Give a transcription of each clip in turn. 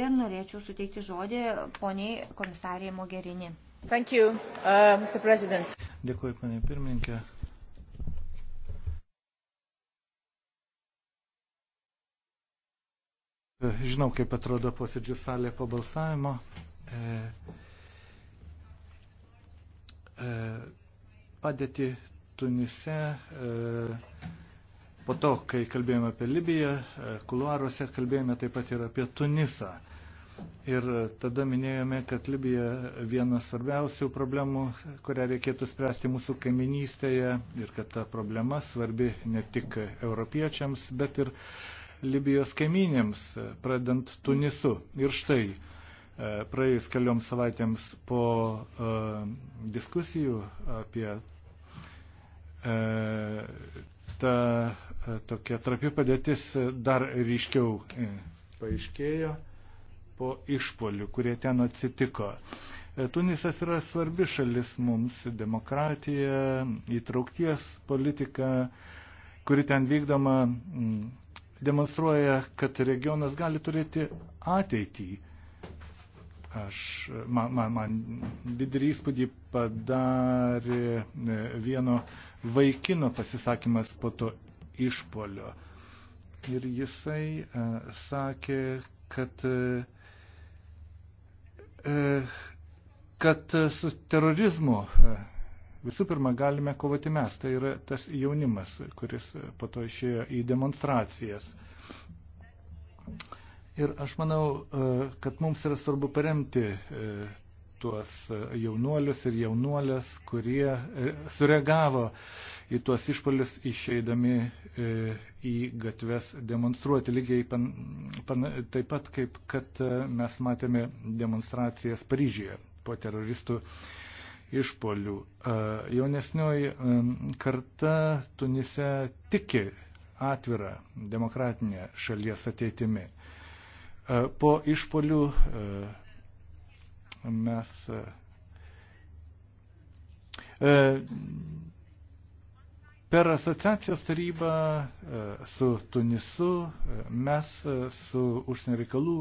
Ir norėčiau suteikti žodį poniai komisarijai Mogherini. Thank you, uh, Mr. President. Dėkuoju, poniai pirmininkė. Žinau, kaip atrodo posėdžių salė po balsavimo. E, e, padėti Tunise e, Po to, kai kalbėjome apie Libiją, e, kuluaruose kalbėjome taip pat ir apie Tunisą. Ir e, tada minėjome, kad Libija viena svarbiausių problemų, kurią reikėtų spręsti mūsų kaiminystėje ir kad ta problema svarbi ne tik europiečiams, bet ir Libijos kaiminėms, e, pradant Tunisu. Ir štai, praėjus kelioms savaitėms po diskusijų apie ta e, tokia trapi padėtis dar ryškiau e, paaiškėjo po išpolių, kurie ten atsitiko. E, Tunisas yra svarbi šalis mums - demokratija, įtraukties politika, kuri ten vykdoma, demonstruoja, kad regionas gali turėti ateitį Aš, man, man, man didelį įspūdį padarė e, vieno vaikino pasisakymas po to išpolio. Ir jisai a, e, sakė, kad, a, e, kad su terorizmu a, visų pirma galime kovoti mes. Tai yra tas jaunimas, kuris po to išėjo į demonstracijas. A, Ir aš manau, e, kad mums yra svarbu paremti e, tuos e, jaunuolius ir jaunuolės, kurie sureagavo į tuos išpolius išeidami į gatves demonstruoti. Lygiai pan, pan, taip pat, kaip kad mes matėme demonstracijas Paryžyje po teroristų išpolių. Jaunesnioji karta Tunise tiki atvirą demokratinę šalies ateitimi. E, po išpolių e, mes e, Per asociacijos tarybą su Tunisu mes su užsienio reikalų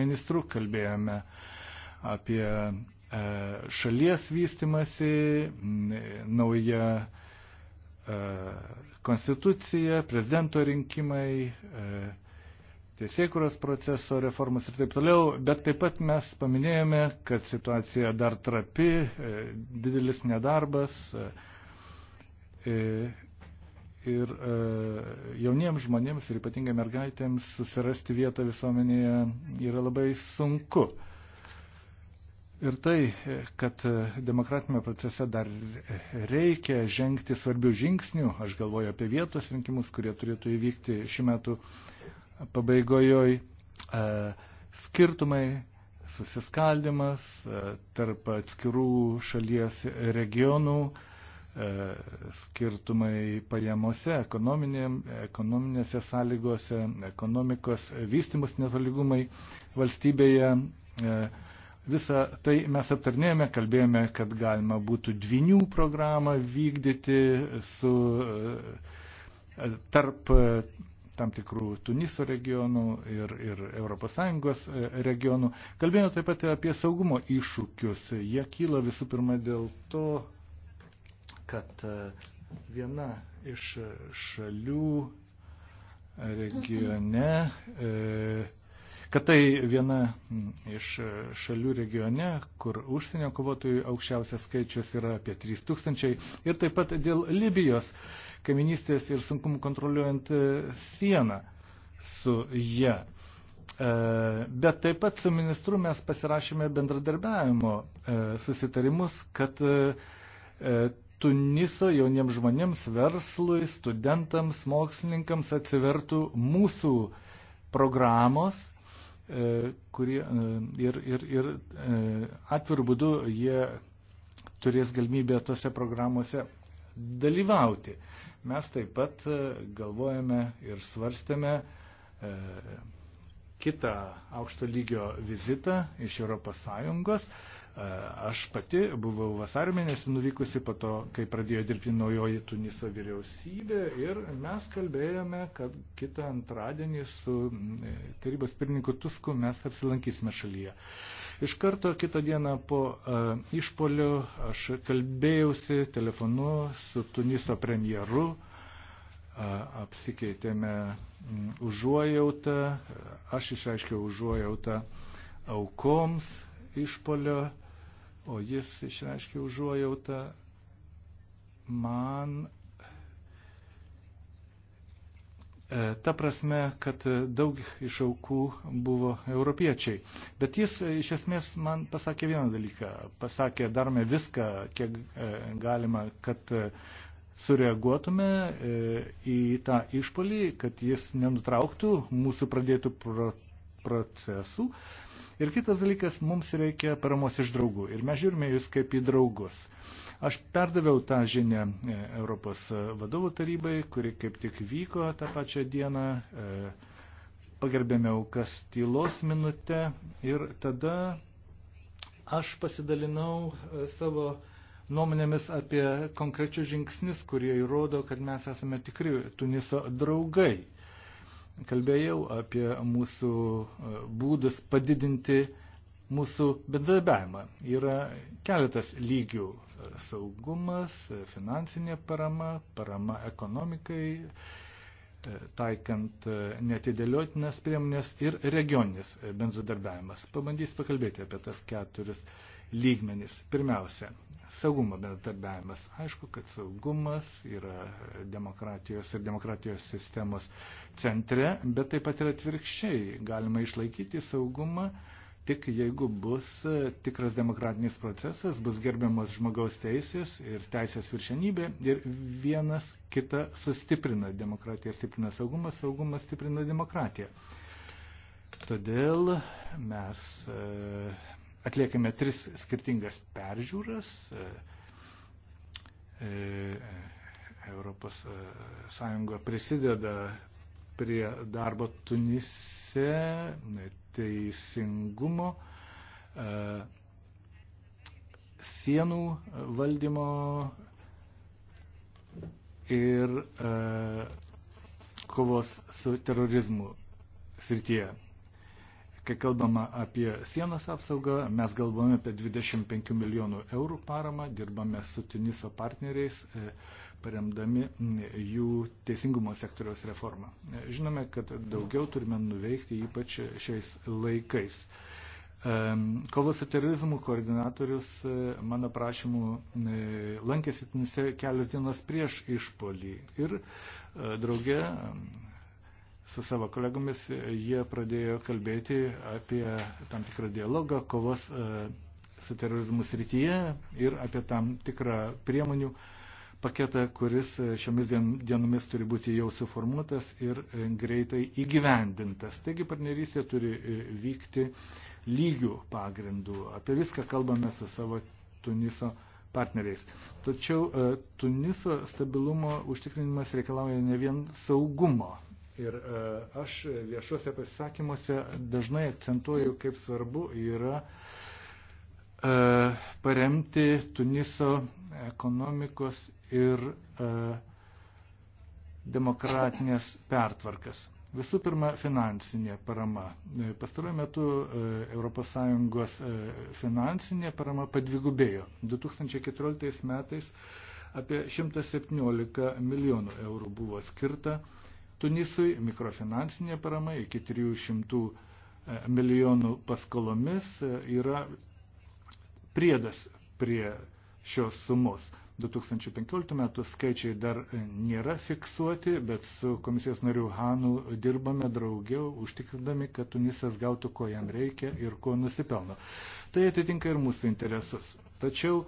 ministru kalbėjome apie šalies vystimasi, naują konstituciją, prezidento rinkimai, teisėkuros proceso reformas ir taip toliau, bet taip pat mes paminėjome, kad situacija dar trapi, e, didelis nedarbas e, e, ir jauniems žmonėms ir ypatingai mergaitėms susirasti vietą visuomenėje yra labai sunku. Ir tai, kad demokratinėme procese dar reikia žengti svarbių žingsnių, aš galvoju apie vietos rinkimus, kurie turėtų įvykti šiuo metu pabaigojoj e, skirtumai, susiskaldimas e, tarp atskirų šalies regionų, e, skirtumai pajamose, ekonominėse sąlygose, ekonomikos vystimus netolygumai valstybėje. Visą tai mes aptarnėjome, kalbėjome, kad galima būtų dvinių programą vykdyti su tarp tam tikrų Tuniso regionų ir, ir ES e, regionų. Kalbėjau taip pat apie saugumo iššūkius. Jie kyla visų pirma dėl to, kad e, viena iš šalių regione e, kad tai viena iš šalių regione, kur užsienio kovotojų aukščiausias skaičius yra apie 3000 ir taip pat dėl Libijos kaiminystės ir sunkumų kontroliuojant e, sieną su jie. E, bet taip pat su ministru mes pasirašėme bendradarbiavimo e, susitarimus, kad Tuniso jauniems žmonėms, verslui, studentams, mokslininkams atsivertų mūsų programos E, kurie e, ir, ir, ir e, atvirų būdų jie turės galimybę tose programuose dalyvauti. Mes taip pat galvojame ir svarstėme kitą aukšto lygio vizitą iš ES, E, aš pati buvau vasario mėnesį nuvykusi po to, kai pradėjo dirbti naujoji Tuniso vyriausybė ir mes kalbėjome, kad kitą antradienį su e, tarybos pirmininku Tusku mes apsilankysime šalyje. Iš karto kitą dieną po uh, išpolio aš kalbėjausi telefonu su Tuniso premjeru, uh, apsikeitėme um, užuojautą, aš išaiškiau užuojautą aukoms išpolio o jis išreiškė užuojautą man e, ta prasme, kad daug iš aukų buvo europiečiai. Bet jis iš esmės man pasakė vieną dalyką. Pasakė, darome viską, kiek e, galima, kad e, sureaguotume į tą išpolį, kad jis nenutrauktų mūsų pradėtų procesų, Ir kitas dalykas, mums reikia paramos iš draugų. Ir mes žiūrime jūs kaip į draugus. Aš perdaviau tą žinę e, Europos e, vadovų tarybai, kuri kaip tik vyko tą pačią dieną. E, Pagerbėme aukas tylos minutę ir tada aš pasidalinau savo nuomonėmis apie konkrečius žingsnius, kurie įrodo, kad mes esame tikri Tuniso draugai kalbėjau apie mūsų e, būdus padidinti mūsų bendradarbiavimą. Yra keletas lygių - saugumas, finansinė parama, parama ekonomikai, e, taikant e, netidėliotinas priemonės ir regioninis bendradarbiavimas. Pabandysiu pakalbėti apie tas keturis lygmenis. Pirmiausia, saugumo bendradarbiavimas. Aišku, kad saugumas yra demokratijos ir demokratijos sistemos centre, bet taip pat ir atvirkščiai galima išlaikyti saugumą tik jeigu bus e, tikras demokratinis procesas, bus gerbiamas žmogaus teisės ir teisės viršenybė ir vienas kitą sustiprina. Demokratija stiprina saugumą, saugumas stiprina demokratiją. Todėl mes e, atliekame tris skirtingas peržiūras. E, e, Europos e, Sąjunga prisideda prie darbo Tunise, teisingumo, sienų valdymo ir kovos su terorizmu srityje. Kai kalbama apie sienos apsaugą, mes galvojame apie 25 milijonų eurų paramą, dirbame su Tuniso partneriais, e, paremdami jų teisingumo sektoriaus reformą. E, žinome, kad daugiau turime nuveikti ypač šiais laikais. E, kovos su terorizmu koordinatorius mano prašymu lankėsi Tunise kelias dienas prieš išpolį ir draugė su savo kolegomis jie pradėjo kalbėti apie tam tikrą dialogą, kovos e, su terorizmu srityje ir apie tam tikrą priemonių paketą, kuris e, šiomis dienomis turi būti jau suformuotas ir e, greitai įgyvendintas. Taigi partnerystė turi vykti lygių pagrindų. Apie viską kalbame su savo Tuniso partneriais. Tačiau Tuniso stabilumo užtikrinimas reikalauja ne vien saugumo, Ir e, aš viešuose pasisakymuose dažnai akcentuoju, kaip svarbu yra e, paremti Tuniso ekonomikos ir e, demokratinės pertvarkas. Visų pirma, finansinė parama. Pastaruoju metu ES finansinė parama padvigubėjo. 2014 metais apie 117 milijonų eurų buvo skirta Tunisui, mikrofinansinė parama iki 300 e, milijonų paskolomis e, yra priedas prie šios sumos. 2015 metų skaičiai dar nėra fiksuoti, bet su komisijos nariu Hanu dirbame draugiau, užtikrindami, kad Tunisas gautų, ko jam reikia ir ko nusipelno. Tai atitinka ir mūsų interesus. Tačiau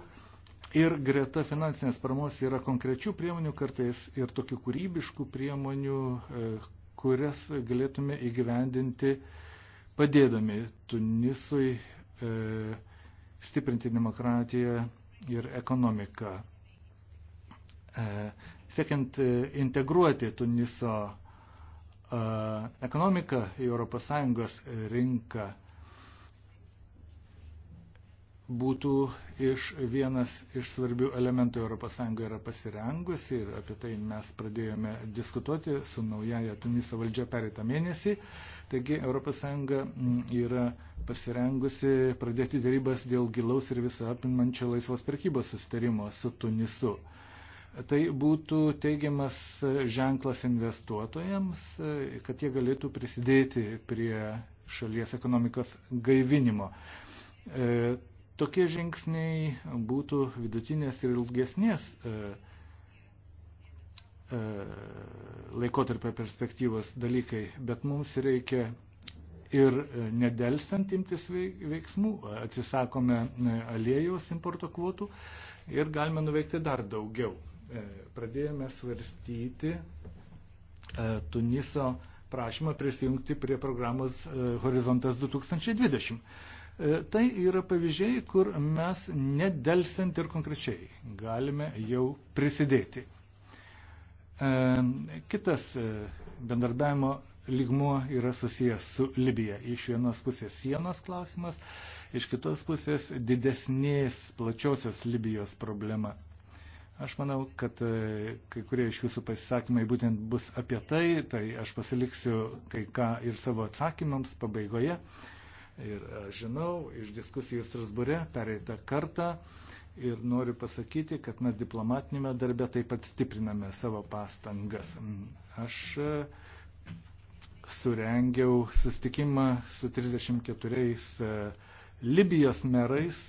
Ir greta finansinės paramos yra konkrečių priemonių kartais ir tokių kūrybiškų priemonių, e, kurias galėtume įgyvendinti padėdami Tunisui e, stiprinti demokratiją ir ekonomiką. E, siekiant integruoti Tuniso ekonomiką į ES rinką, būtų iš vienas iš svarbių elementų ES yra pasirengusi ir apie tai mes pradėjome diskutuoti su naujaja Tuniso valdžia pereitą mėnesį. Taigi ES mm, yra pasirengusi pradėti dėrybas dėl gilaus ir visą apimančio laisvos prekybos sustarimo su Tunisu. Tai būtų teigiamas ženklas investuotojams, kad jie galėtų prisidėti prie šalies ekonomikos gaivinimo e, Tokie žingsniai būtų vidutinės ir ilgesnės e, e, laikotarpio perspektyvos dalykai, bet mums reikia ir nedelsant imtis veiksmų, atsisakome e, aliejos importo kvotų ir galime nuveikti dar daugiau. Pradėjome svarstyti Tuniso prašymą prisijungti prie programos Horizontas 2020. E, tai yra pavyzdžiai, kur mes nedelsiant ir konkrečiai galime jau prisidėti. E, kitas e, bendarbiavimo lygmuo yra susijęs su Libija. Iš vienos pusės sienos klausimas, iš kitos pusės didesnės, plačiosios Libijos problema. Aš manau, kad kai kurie iš jūsų pasisakymai būtent bus apie tai, tai aš pasiliksiu kai ką ir savo atsakymams pabaigoje. Ir aš e, žinau iš diskusijų Strasbūre pereitą kartą ir noriu pasakyti, kad mes diplomatinėme darbe taip pat stipriname savo pastangas. Mm, aš e, surengiau sustikimą su 34 e, Libijos merais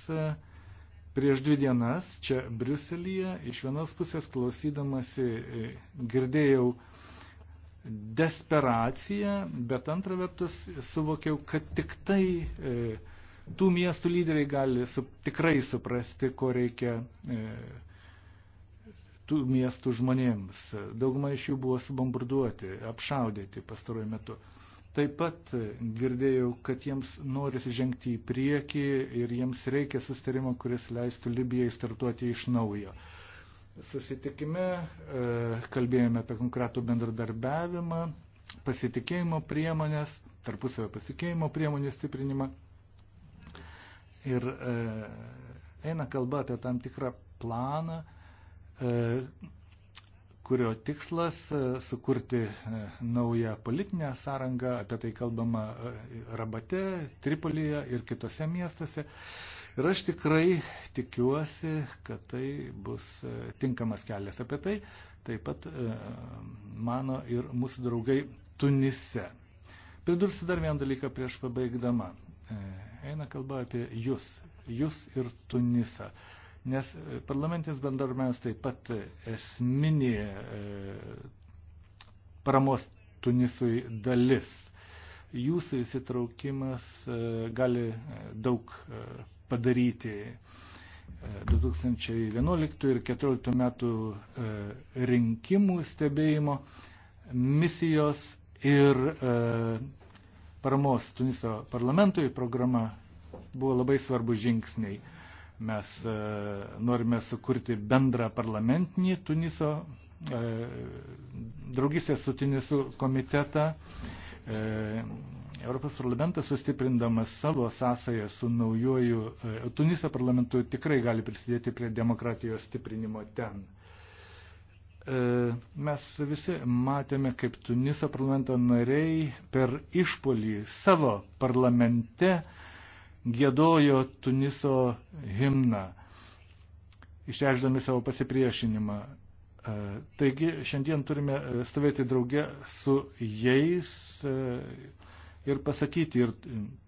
prieš dvi dienas čia Briuselyje. Iš vienos pusės klausydamasi girdėjau desperaciją, bet antra vertus suvokiau, kad tik tai e, tų miestų lyderiai gali su, tikrai suprasti, ko reikia e, tų miestų žmonėms. Dauguma iš jų buvo subombarduoti, apšaudyti pastaruoju metu. Taip pat e, girdėjau, kad jiems norisi žengti į priekį ir jiems reikia sustarimo, kuris leistų Libijai startuoti iš naujo. E, susitikime, e, kalbėjome apie konkretų bendradarbiavimą, pasitikėjimo priemonės, tarpusavio pasitikėjimo priemonės stiprinimą. Ir e, eina kalba apie tam tikrą planą, e, kurio tikslas sukurti naują politinę sąrangą, apie tai kalbama Rabate, Tripolyje ir kitose miestuose. Ir aš tikrai tikiuosi, kad tai bus e, tinkamas kelias apie tai, taip pat e, mano ir mūsų draugai Tunise. Pridursiu dar vieną dalyką prieš pabaigdama. E, eina kalba apie jūs, jūs ir Tunisą. Nes parlamentinis bendarbiavimas taip pat esminė paramos Tunisui dalis jūsų įsitraukimas gali daug padaryti. 2011 e, ir 2014 metų e, rinkimų stebėjimo misijos ir e, paramos Tuniso parlamentui programa buvo labai svarbus žingsniai. Mes norime sukurti bendrą parlamentinį Tuniso draugystės su Tunisu komitetą Europos parlamentas sustiprindamas savo sąsąją su naujoju e, Tuniso parlamentu tikrai gali prisidėti prie demokratijos stiprinimo ten. E, mes visi matėme, kaip Tuniso parlamento nariai per išpolį savo parlamente gėdojo Tuniso himną, išreikšdami savo pasipriešinimą. E, taigi šiandien turime stovėti drauge su jais ir pasakyti ir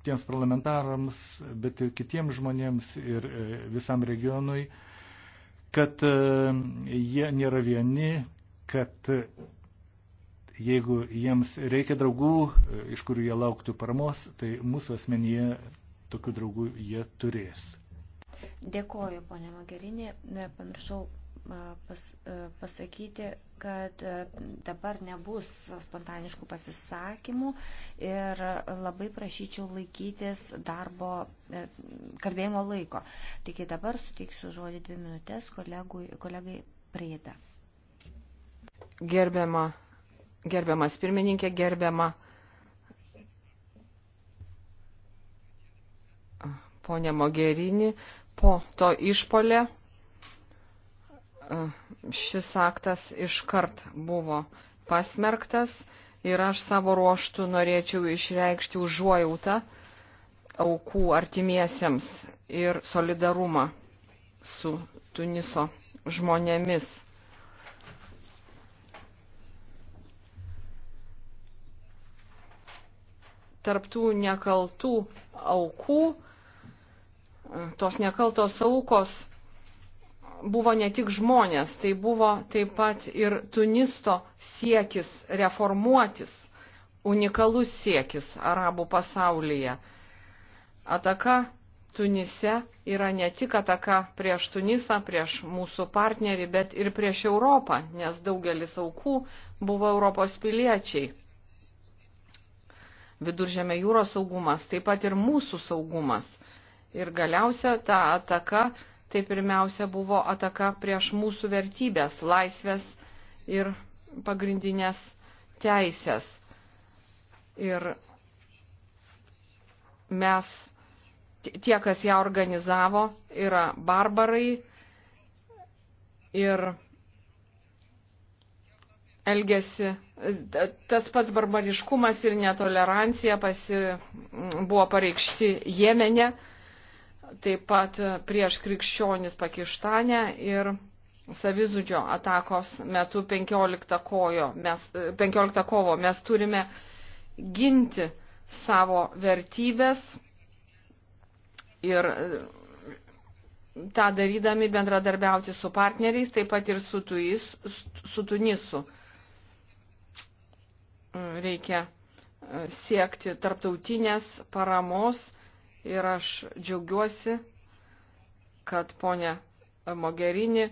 tiems parlamentarams, bet ir kitiems žmonėms ir e, visam regionui, kad e, jie nėra vieni, kad e, jeigu jiems reikia draugų, iš kurių jie lauktų paramos, tai mūsų asmenyje tokių draugų jie turės. Dėkoju, ponė Magerinė, nepamiršau pas, pasakyti, kad dabar nebus spontaniškų pasisakymų ir labai prašyčiau laikytis darbo e, kalbėjimo laiko. Taigi dabar suteiksiu žodį dvi minutės kolegui, kolegai Prėda. Gerbiama, gerbiamas pirmininkė, gerbiama ponė Mogerini, po to išpolė šis aktas iškart buvo pasmerktas ir aš savo ruoštų norėčiau išreikšti užuojautą aukų artimiesiems ir solidarumą su Tuniso žmonėmis. Tarptų nekaltų aukų, tos nekaltos aukos buvo ne tik žmonės, tai buvo taip pat ir Tunisto siekis reformuotis, unikalus siekis arabų pasaulyje. Ataka Tunise yra ne tik ataka prieš Tunisą, prieš mūsų partnerį, bet ir prieš Europą, nes daugelis aukų buvo Europos piliečiai. Viduržėme jūros saugumas, taip pat ir mūsų saugumas. Ir galiausia ta ataka tai pirmiausia buvo ataka prieš mūsų vertybės, laisvės ir pagrindinės teisės. Ir mes, tie, kas ją organizavo, yra barbarai ir elgesi, tas pats barbariškumas ir netolerancija pasi, buvo pareikšti Jemene taip pat prieš krikščionis Pakistane ir savizudžio atakos metu 15, kojo, mes, 15 kovo. Mes turime ginti savo vertybės ir e, tą darydami bendradarbiauti su partneriais, taip pat ir su, tuis, su Tunisu. Mm, reikia e, siekti tarptautinės paramos ir aš džiaugiuosi, kad ponė Mogerini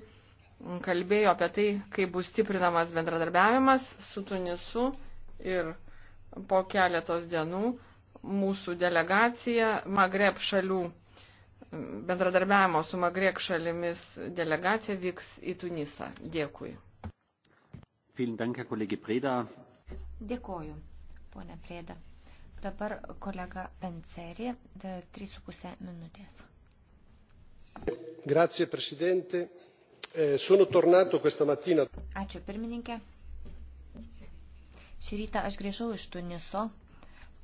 kalbėjo apie tai, kaip bus stiprinamas bendradarbiavimas su Tunisu ir po keletos dienų mūsų delegacija Magreb šalių bendradarbiavimo su Magreb šalimis delegacija vyks į Tunisą. Dėkui. Vielen Dank, Herr Kollege Preda. Dėkoju, ponė Preda. Dabar kolega Panceri, 3,5 minutės. Grazie, Presidente. Eh, sono tornato questa mattina. Ačiū, pirmininkė. Šį rytą aš grįžau iš Tuniso,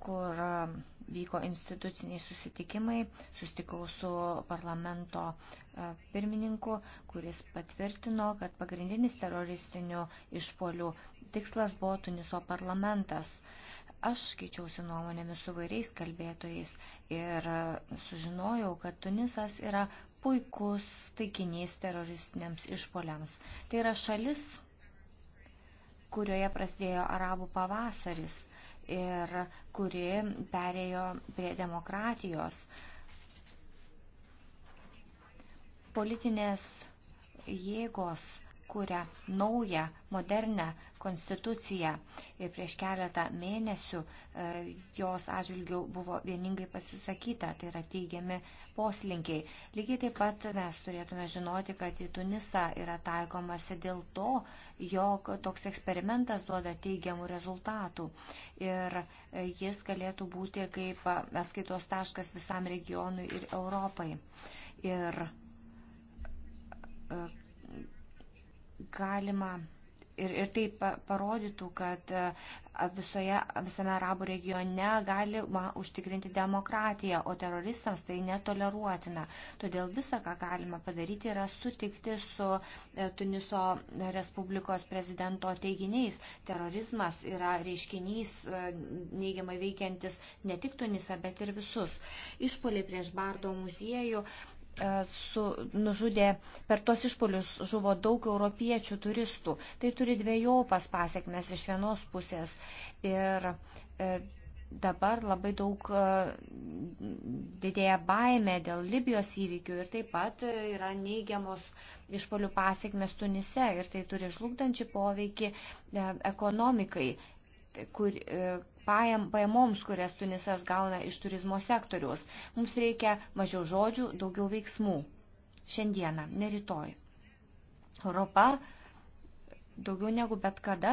kur e, vyko instituciniai susitikimai, sustikau su parlamento e, pirmininku, kuris patvirtino, kad pagrindinis teroristinių išpolių tikslas buvo Tuniso parlamentas. Aš keičiausi nuomonėmis su vairiais kalbėtojais ir e, sužinojau, kad Tunisas yra puikus taikinys teroristiniams išpoliams. Tai yra šalis, kurioje prasidėjo arabų pavasaris ir kuri perėjo prie demokratijos. Politinės jėgos kuria naują, modernę konstituciją. Ir prieš keletą mėnesių e, jos atžvilgių buvo vieningai pasisakyta, tai yra teigiami poslinkiai. Lygiai taip pat mes turėtume žinoti, kad į Tunisą yra taikomasi dėl to, jog toks eksperimentas duoda teigiamų rezultatų. Ir e, jis galėtų būti kaip atskaitos taškas visam regionui ir Europai. Ir e, galima ir, ir tai parodytų, kad e, visoje, visame arabų regione galima užtikrinti demokratiją, o teroristams tai netoleruotina. Todėl visą, ką galima padaryti, yra sutikti su e, Tuniso Respublikos prezidento teiginiais. Terorizmas yra reiškinys e, neigiamai veikiantis ne tik Tunisą, bet ir visus. Išpoliai prieš Bardo muziejų E, su, nužudė per tos išpolius žuvo daug europiečių turistų. Tai turi dviejopas pasiekmes iš vienos pusės. Ir e, dabar labai daug e, didėja baime dėl Libijos įvykių ir taip pat e, yra neigiamos išpolių pasiekmes Tunise ir tai turi žlugdančią poveikį ekonomikai kur, e, pajam, pajamoms, kurias Tunisas gauna iš turizmo sektoriaus. Mums reikia mažiau žodžių, daugiau veiksmų. Šiandieną, ne rytoj. Europa daugiau negu bet kada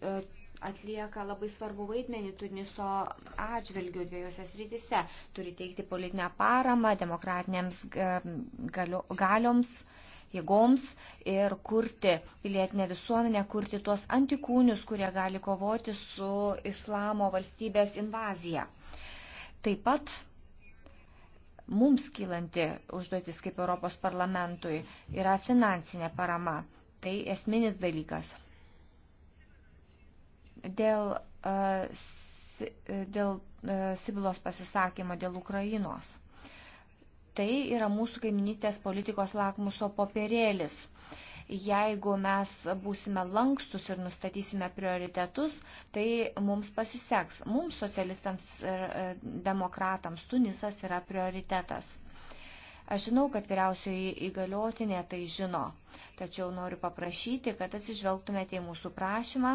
e, atlieka labai svarbu vaidmenį Tuniso atžvilgių dviejose srityse. Turi teikti politinę paramą demokratinėms e, galioms. Galio, jėgoms ir kurti pilietinę visuomenę, kurti tuos antikūnius, kurie gali kovoti su islamo valstybės invazija. Taip pat mums kylanti užduotis kaip Europos parlamentui yra finansinė parama. Tai esminis dalykas. Dėl, dėl Sibilos pasisakymo dėl Ukrainos tai yra mūsų kaiminystės politikos lakmuso popierėlis. Jeigu mes būsime lankstus ir nustatysime prioritetus, tai mums pasiseks. Mums socialistams ir e, demokratams Tunisas yra prioritetas. Aš žinau, kad vyriausioji įgaliotinė tai žino, tačiau noriu paprašyti, kad atsižvelgtumėte į mūsų prašymą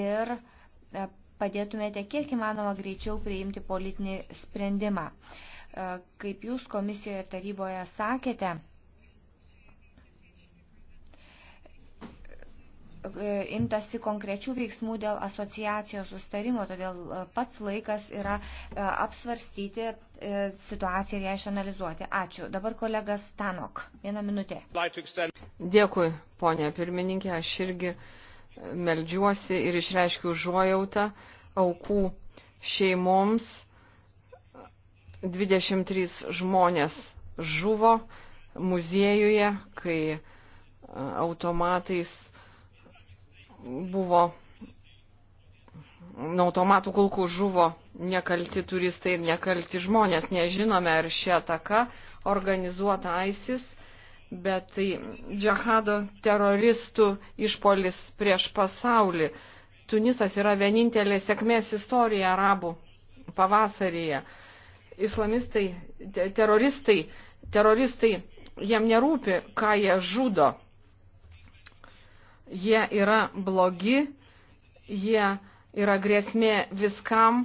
ir e, padėtumėte kiek įmanoma greičiau priimti politinį sprendimą. E, kaip jūs komisijoje ir taryboje sakėte, e, imtasi konkrečių veiksmų dėl asociacijos sustarimo, todėl e, pats laikas yra apsvarstyti situaciją ir ją išanalizuoti. Ačiū. Dabar kolegas Tanok. Vieną minutę. Dėkui, ponė pirmininkė. Aš irgi meldžiuosi ir išreiškiu užuojautą aukų šeimoms 23 žmonės žuvo muziejuje, kai e, automatais buvo, nuo automatų kulkų žuvo nekalti turistai ir nekalti žmonės. Nežinome, ar ši ataka organizuota ISIS, bet tai džihado teroristų išpolis prieš pasaulį. Tunisas yra vienintelė sėkmės istorija arabų pavasaryje islamistai, te, teroristai, teroristai, jiem nerūpi, ką jie žudo. Jie yra blogi, jie yra grėsmė viskam,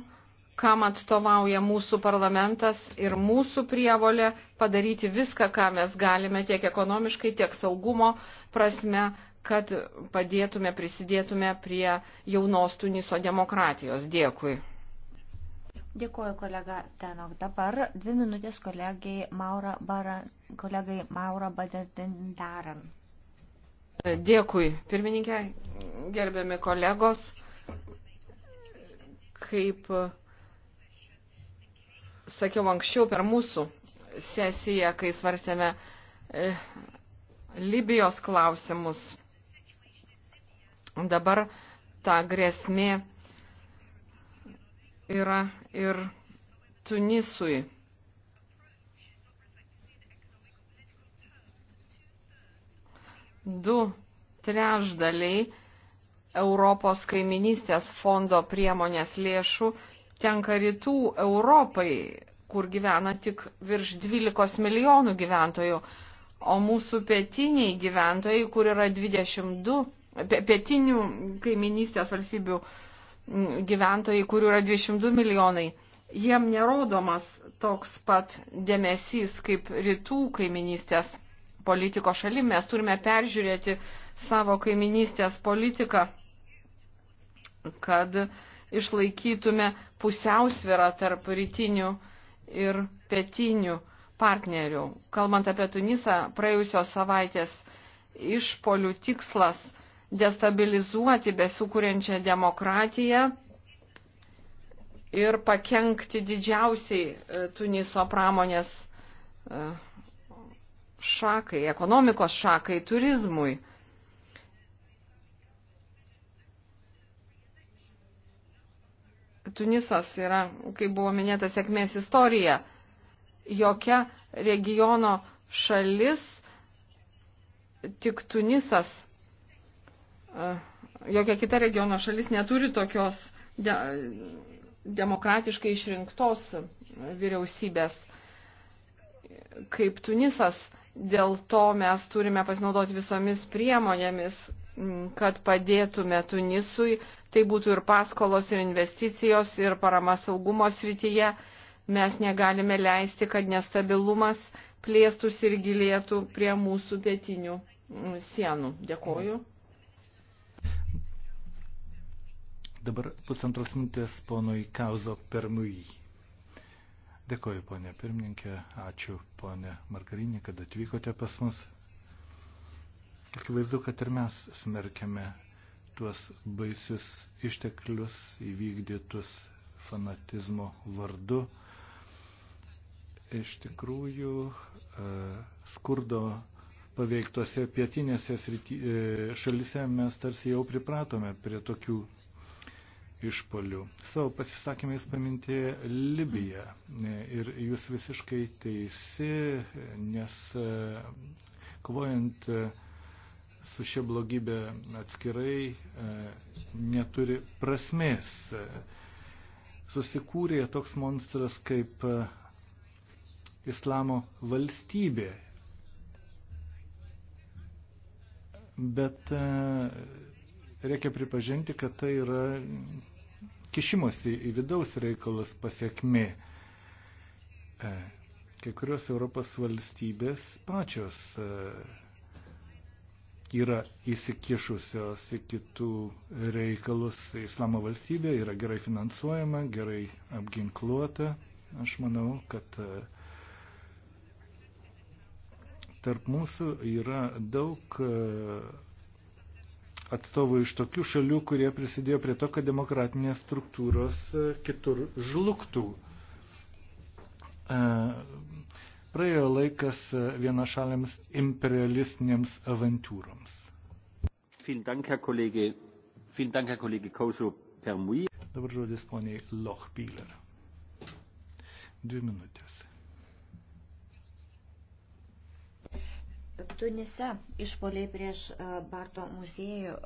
kam atstovauja mūsų parlamentas ir mūsų prievolė padaryti viską, ką mes galime tiek ekonomiškai, tiek saugumo prasme, kad padėtume, prisidėtume prie jaunos Tuniso demokratijos. Dėkui. Dėkuoju kolega Tenok. Dabar dvi minutės kolegai Maura, Bara, kolegai Maura Badendaran. Dėkui, pirmininkė, gerbiami kolegos. Kaip sakiau anksčiau per mūsų sesiją, kai svarstėme e, Libijos klausimus. Dabar ta grėsmė yra ir Tunisui. Du trešdaliai Europos kaiminystės fondo priemonės lėšų tenka rytų Europai, kur gyvena tik virš 12 milijonų gyventojų, o mūsų pietiniai gyventojai, kur yra 22, pietinių kaiminystės valstybių gyventojai, kurių yra 202 milijonai, jiem nerodomas toks pat dėmesys kaip rytų kaiminystės politiko šalim. Mes turime peržiūrėti savo kaiminystės politiką, kad išlaikytume pusiausvirą tarp rytinių ir pietinių partnerių. Kalbant apie Tunisą, praėjusios savaitės išpolių tikslas – destabilizuoti besikūrenčią demokratiją ir pakengti didžiausiai e, Tuniso pramonės e, šakai, ekonomikos šakai, turizmui. Tunisas yra, kaip buvo minėta, sėkmės istorija. Jokia regiono šalis, tik Tunisas E, jokia kita regiono šalis neturi tokios de, demokratiškai išrinktos vyriausybės kaip Tunisas. Dėl to mes turime pasinaudoti visomis priemonėmis, kad padėtume Tunisui. Tai būtų ir paskolos, ir investicijos, ir parama saugumo srityje. Mes negalime leisti, kad nestabilumas plėstus ir gilėtų prie mūsų pietinių sienų. Dėkoju. Dabar pusantros minutės ponui Kauzo Permui. Dėkoju, ponė pirmininkė, ačiū, ponė Margarinė, kad atvykote pas mus. Akivaizdu, kad ir mes smerkiame tuos baisius išteklius įvykdytus fanatizmo vardu. Iš tikrųjų, e, skurdo paveiktose pietinėse e, šalise mes tarsi jau pripratome prie tokių išpolių. Savo pasisakymais paminti Libiją. Ir jūs visiškai teisi, nes e, kovojant e, su šia blogybė atskirai e, neturi prasmės. Susikūrė toks monstras kaip islamo valstybė. Bet reikia pripažinti, kad tai yra kišimosi į vidaus reikalus pasiekmi. E, kai kurios Europos valstybės pačios e, yra įsikišusios į kitų reikalus. Islamo valstybė yra gerai finansuojama, gerai apginkluota. Aš manau, kad e, tarp mūsų yra daug atstovų iš tokių šalių, kurie prisidėjo prie to, kad demokratinės struktūros e, kitur žlugtų. E, praėjo laikas e, vienašalėms imperialistinėms avantūroms. Dabar žodis poniai Lochbiller. Dvi minutės. Tunise išpoliai prieš e, Barto muziejų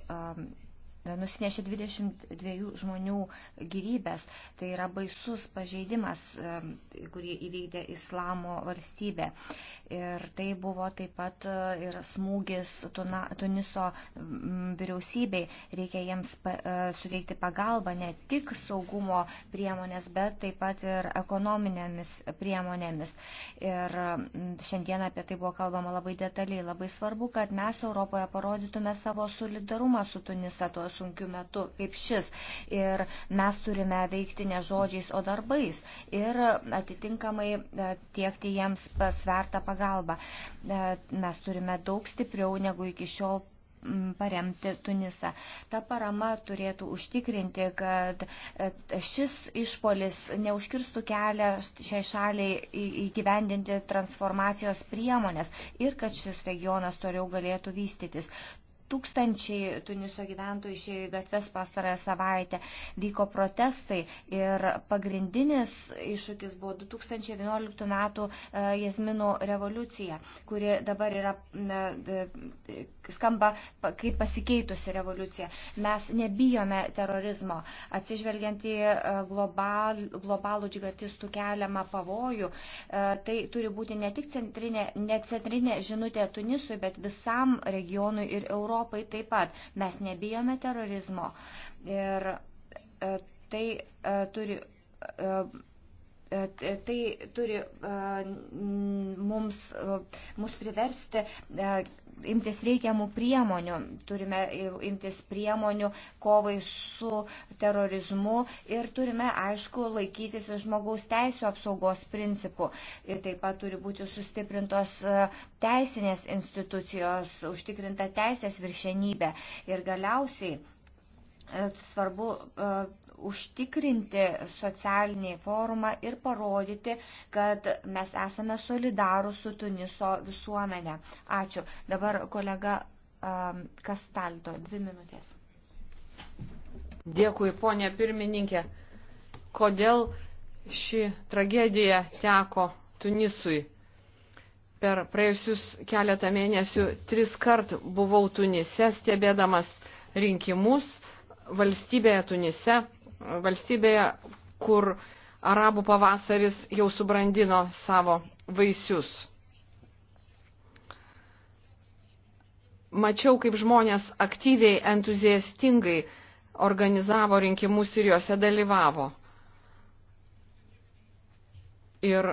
E, nusinešė 22 žmonių gyvybės. Tai yra baisus pažeidimas, e, kurį įvykdė islamo valstybė. Ir tai buvo taip pat e, ir smūgis Tuniso vyriausybei. Reikia jiems suveikti pagalbą ne tik saugumo priemonės, bet taip pat ir ekonominėmis priemonėmis. Ir šiandien apie tai buvo kalbama labai detaliai. Labai svarbu, kad mes Europoje parodytume savo solidarumą su Tunisatos sunkiu metu kaip šis. Ir mes turime veikti ne žodžiais, o darbais. Ir atitinkamai e, tiekti jiems pasvertą pagalbą. E, mes turime daug stipriau negu iki šiol paremti Tunisą. Ta parama turėtų užtikrinti, kad e, šis išpolis neužkirstų kelią šiai šaliai įgyvendinti transformacijos priemonės ir kad šis regionas toliau galėtų vystytis. Tūkstančiai Tuniso gyventojų išėjo į gatves pastarąją savaitę, vyko protestai ir pagrindinis iššūkis buvo 2011 metų e, Jazmino revoliucija, kuri dabar yra, e, skamba kaip pasikeitusi revoliucija. Mes nebijome terorizmo, atsižvelgiant į e, global, globalų džigatistų keliamą pavojų. Tai turi būti ne tik centrinė, ne centrinė žinutė Tunisui, bet visam regionui ir Europai. Europai taip pat. Mes nebijome terorizmo. Ir e, tai e, turi e, E, tai turi e, mums, e, mums priversti imtis reikiamų priemonių. Turime imtis priemonių kovai su terorizmu ir turime, aišku, laikytis žmogaus teisų apsaugos principų. Ir taip pat turi būti sustiprintos teisinės institucijos, užtikrinta teisės viršenybė. Ir galiausiai svarbu užtikrinti socialinį forumą ir parodyti, kad mes esame solidarų su Tuniso visuomenė. Ačiū. Dabar kolega um, Kastaldo, dvi minutės. Dėkui, ponė pirmininkė. Kodėl ši tragedija teko Tunisui? Per praėjusius keletą mėnesių tris kart buvau Tunise, stebėdamas rinkimus valstybėje Tunise valstybėje, kur arabų pavasaris jau subrandino savo vaisius. Mačiau, kaip žmonės aktyviai, entuziastingai organizavo rinkimus ir juose dalyvavo. Ir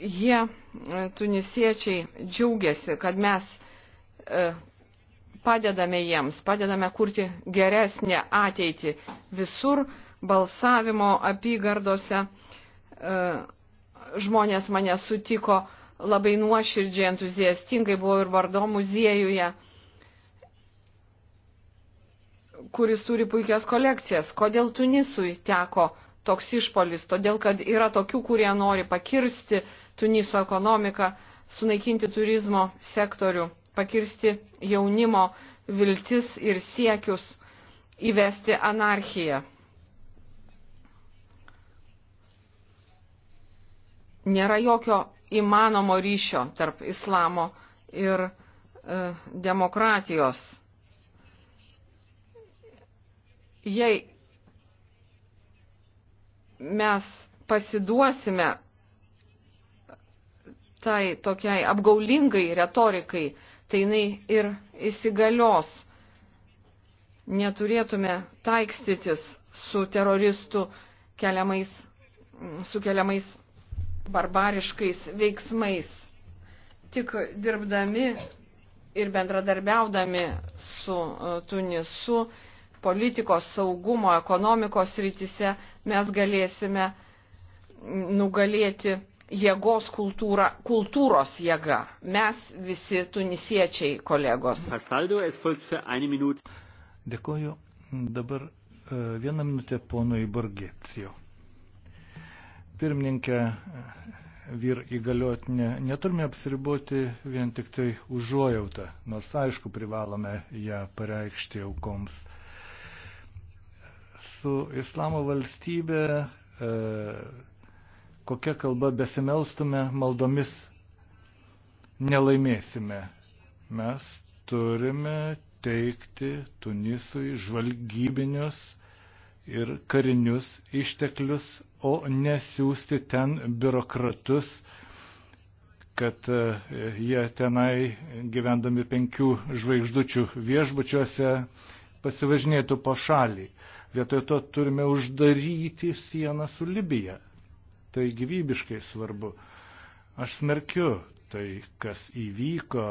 jie, tunisiečiai, džiaugiasi, kad mes e, padedame jiems, padedame kurti geresnę ateitį visur balsavimo apygardose. E, žmonės mane sutiko labai nuoširdžiai, entuziastingai, buvau ir Vardo muziejuje, kuris turi puikias kolekcijas. Kodėl Tunisui teko toks išpolis? Todėl, kad yra tokių, kurie nori pakirsti Tuniso ekonomiką, sunaikinti turizmo sektorių pakirsti jaunimo viltis ir siekius įvesti anarchiją. Nėra jokio įmanomo ryšio tarp islamo ir e, demokratijos. Jei mes pasiduosime tai tokiai apgaulingai retorikai, tai jinai ir įsigalios. Neturėtume taikstytis su teroristų keliamais, sukeliamais barbariškais veiksmais. Tik dirbdami ir bendradarbiaudami su e, Tunisu politikos, saugumo, ekonomikos rytise mes galėsime nugalėti jėgos kultūra, kultūros jėga. Mes visi tunisiečiai, kolegos. Dėkoju. Dabar e, vieną minutę ponui Borgėcijo. Pirmininkė e, vyr įgaliotinė, neturime apsiriboti vien tik tai užuojautą, nors aišku privalome ją pareikšti aukoms. Su islamo valstybė e, kokia kalba besimelstume maldomis, nelaimėsime. Mes turime teikti Tunisui žvalgybinius ir karinius išteklius, o nesiųsti ten biurokratus, kad e, jie tenai gyvendami penkių žvaigždučių viešbučiuose pasivažinėtų po šalį. Vietoj to turime uždaryti sieną su Libija. Tai gyvybiškai svarbu. Aš smerkiu tai, kas įvyko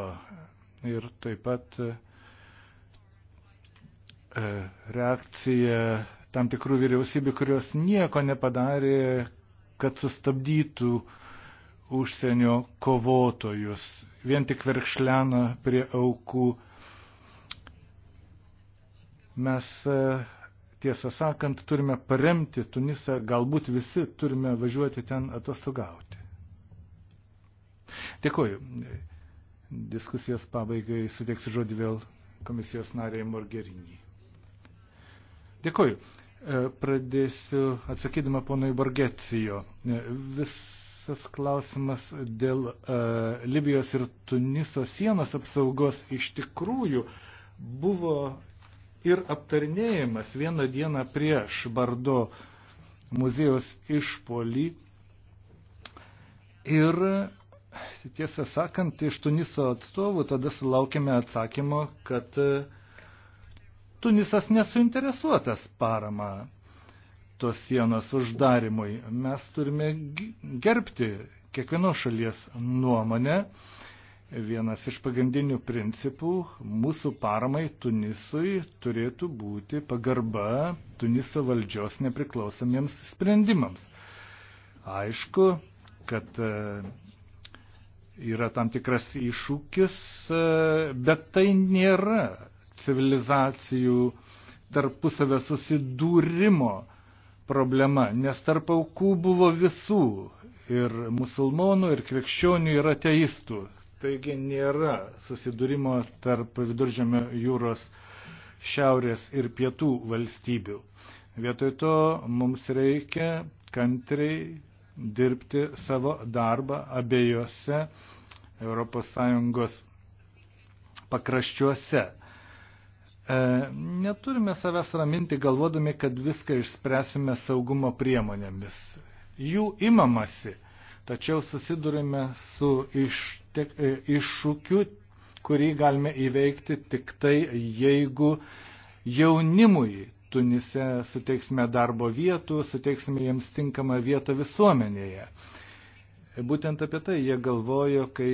ir taip pat e, reakcija tam tikrų vyriausybių, kurios nieko nepadarė, kad sustabdytų užsienio kovotojus, vien tik verkšlena prie aukų. Mes e, Tiesą sakant, turime paremti Tunisą, galbūt visi turime važiuoti ten atostogauti. Dėkuoju. Diskusijos pabaigai suteiksiu žodį vėl komisijos nariai Morgerinį. Dėkuoju. E, pradėsiu atsakydama ponui Borgecijo. E, visas klausimas dėl uh, Libijos ir Tuniso sienos apsaugos iš tikrųjų buvo ir aptarinėjimas vieną dieną prieš Bardo muziejaus išpolį. Ir tiesą sakant, iš Tuniso atstovų tada sulaukėme atsakymo, kad e, Tunisas nesuinteresuotas parama tos sienos uždarimui. Mes turime gerbti kiekvienos šalies nuomonę vienas iš pagrindinių principų mūsų paramai Tunisui turėtų būti pagarba Tuniso valdžios nepriklausomiems sprendimams. Aišku, kad e, yra tam tikras iššūkis, e, bet tai nėra civilizacijų tarpusavę susidūrimo problema, nes tarp aukų buvo visų ir musulmonų, ir krikščionių, ir ateistų. Taigi nėra susidūrimo tarp viduržėmio jūros šiaurės ir pietų valstybių. Vietoj to mums reikia kantriai dirbti savo darbą abiejose ES pakraščiuose. E, neturime savęs raminti galvodami, kad viską išspręsime saugumo priemonėmis. Jų imamasi, tačiau susidurime su iš tek, e, iššūkių, kurį galime įveikti tik tai, jeigu jaunimui Tunise suteiksime darbo vietų, suteiksime jiems tinkamą vietą visuomenėje. Būtent apie tai jie galvojo, kai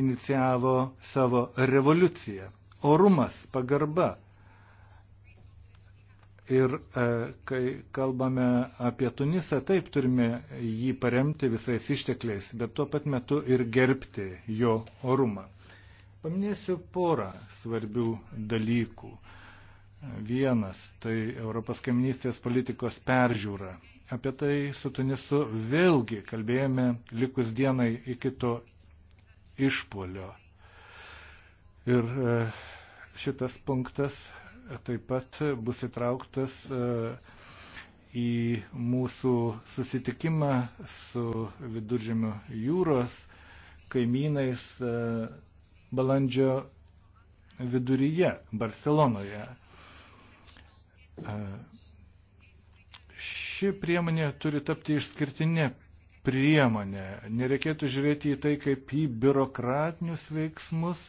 inicijavo savo revoliuciją. Orumas, pagarba Ir e, kai kalbame apie Tunisą, taip turime jį paremti visais ištekliais, bet tuo pat metu ir gerbti jo orumą. Paminėsiu porą svarbių dalykų. Vienas - tai Europos kaiminystės politikos peržiūra. Apie tai su Tunisu vėlgi kalbėjome likus dienai iki to išpolio. Ir e, šitas punktas taip pat bus įtrauktas e, į mūsų susitikimą su viduržėmio jūros kaimynais e, balandžio viduryje Barcelonoje. E, ši priemonė turi tapti išskirtinė priemonė. Nereikėtų žiūrėti į tai kaip į biurokratinius veiksmus,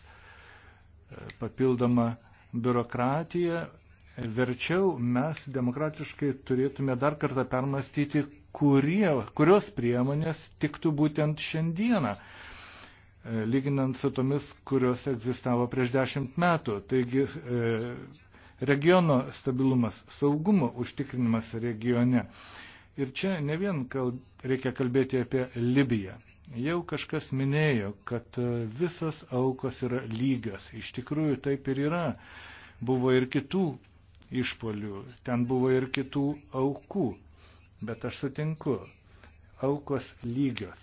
papildomą biurokratiją, verčiau mes demokratiškai turėtume dar kartą permastyti, kurie, kurios priemonės tiktų būtent šiandieną, e, lyginant su tomis, kurios egzistavo prieš dešimt metų. Taigi e, regiono stabilumas, saugumo užtikrinimas regione. Ir čia ne vien kalb, reikia kalbėti apie Libiją. Jau kažkas minėjo, kad e, visas aukos yra lygios. Iš tikrųjų taip ir yra. Buvo ir kitų išpolių, ten buvo ir kitų aukų. Bet aš sutinku, aukos lygios.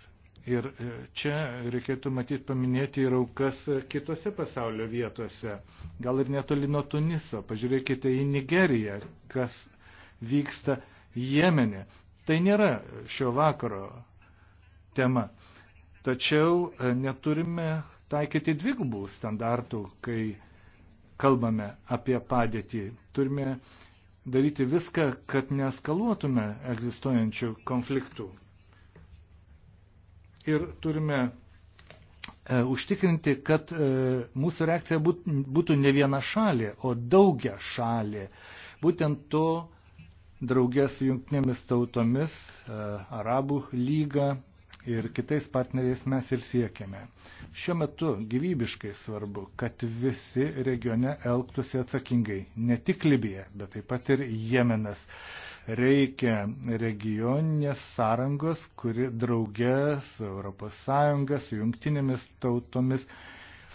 Ir e, čia reikėtų matyti paminėti ir aukas e, kitose pasaulio vietose. Gal ir netoli nuo Tuniso. Pažiūrėkite į Nigeriją, kas vyksta Jemenė. Tai nėra šio vakaro tema. Tačiau e, neturime taikyti dvigubų standartų, kai kalbame apie padėtį. Turime daryti viską, kad neskaluotume egzistuojančių konfliktų. Ir turime e, užtikrinti, kad e, mūsų reakcija būt, būtų ne viena šalė, o daugia šalė. Būtent to draugės su jungtinėmis tautomis, e, Arabų lyga ir kitais partneriais mes ir siekiame. Šiuo metu gyvybiškai svarbu, kad visi regione elgtųsi atsakingai, ne tik Libija, bet taip pat ir Jemenas. Reikia regioninės sąrangos, kuri drauge su ES, su jungtinėmis tautomis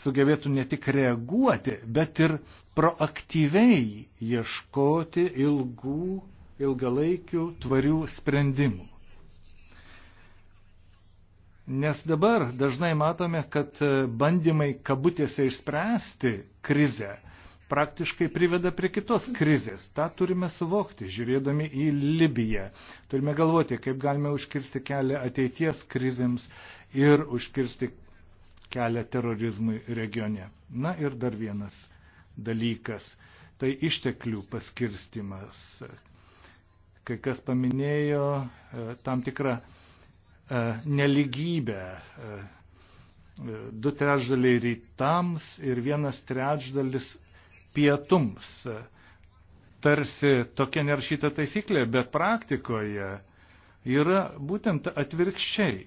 sugebėtų ne tik reaguoti, bet ir proaktyviai ieškoti ilgų, ilgalaikių, tvarių sprendimų. Nes dabar dažnai matome, kad e, bandymai kabutėse išspręsti krizę praktiškai priveda prie kitos krizės. Ta turime suvokti, žiūrėdami į Libiją. Turime galvoti, kaip galime užkirsti kelią ateities krizėms ir užkirsti kelią terorizmui regione. Na ir dar vienas dalykas - tai išteklių paskirstimas. Kai kas paminėjo e, tam tikrą E, neligybę. E, e, du trečdaliai rytams ir vienas trečdalis pietums. Tarsi tokia neršyta taisyklė, bet praktikoje yra būtent atvirkščiai.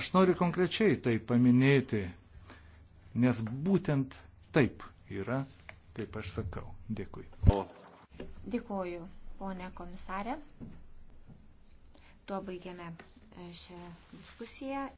Aš noriu konkrečiai tai paminėti, nes būtent taip yra, kaip aš sakau. Dėkui. O. Dėkuoju, ponė komisarė. Tuo baigiame šią diskusiją.